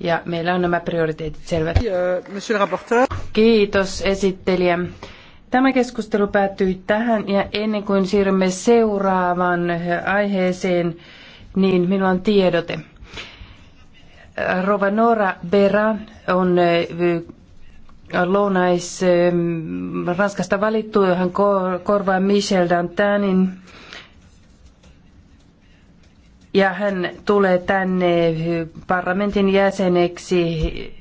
ja meillä on nämä prioriteetit selvät. Euh, Kiitos esittelijä. Tämä keskustelu päättyi tähän ja ennen kuin siirrymme seuraavaan äh, aiheeseen, niin minulla on tiedote. Rova Nora Bera on äh, lounais ähm, Ranskasta valittu, hän korvaa Michel Dantanin ja hän tulee tänne parlamentin jäseneksi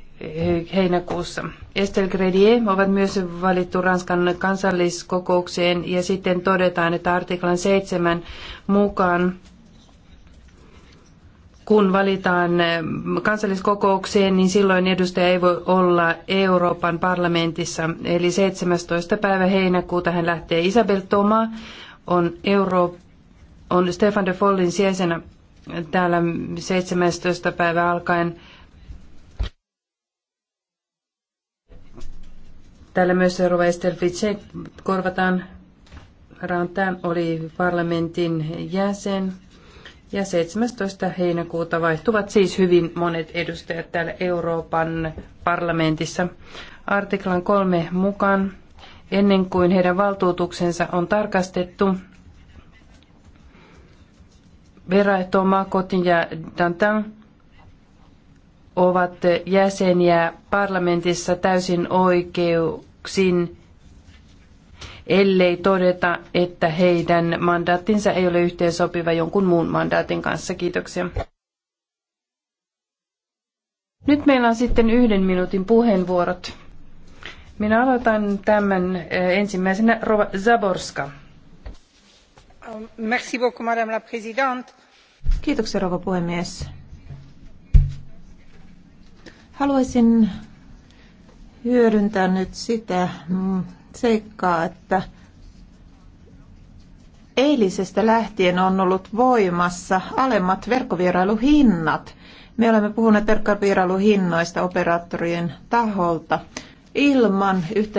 heinäkuussa. Estelle Gredier ovat myös valittu Ranskan kansalliskokoukseen ja sitten todetaan, että artiklan 7 mukaan kun valitaan kansalliskokoukseen, niin silloin edustaja ei voi olla Euroopan parlamentissa. Eli 17. päivä heinäkuuta hän lähtee. Isabel Toma on, Euro, on Stefan de Follin sijaisena täällä 17. päivä alkaen. Täällä myös seuraava Estel korvataan. Ranta oli parlamentin jäsen. Ja 17. heinäkuuta vaihtuvat siis hyvin monet edustajat täällä Euroopan parlamentissa. Artiklan kolme mukaan, ennen kuin heidän valtuutuksensa on tarkastettu, Vera Etoma, Kotin ja Dantan ovat jäseniä parlamentissa täysin oikeuksin, ellei todeta, että heidän mandaattinsa ei ole yhteensopiva jonkun muun mandaatin kanssa. Kiitoksia. Nyt meillä on sitten yhden minuutin puheenvuorot. Minä aloitan tämän eh, ensimmäisenä Rova Zaborska. Kiitoksia, rouva puhemies. Haluaisin hyödyntää nyt sitä mm, seikkaa, että eilisestä lähtien on ollut voimassa alemmat verkkovierailuhinnat. Me olemme puhuneet verkkovierailuhinnoista operaattorien taholta ilman yhtä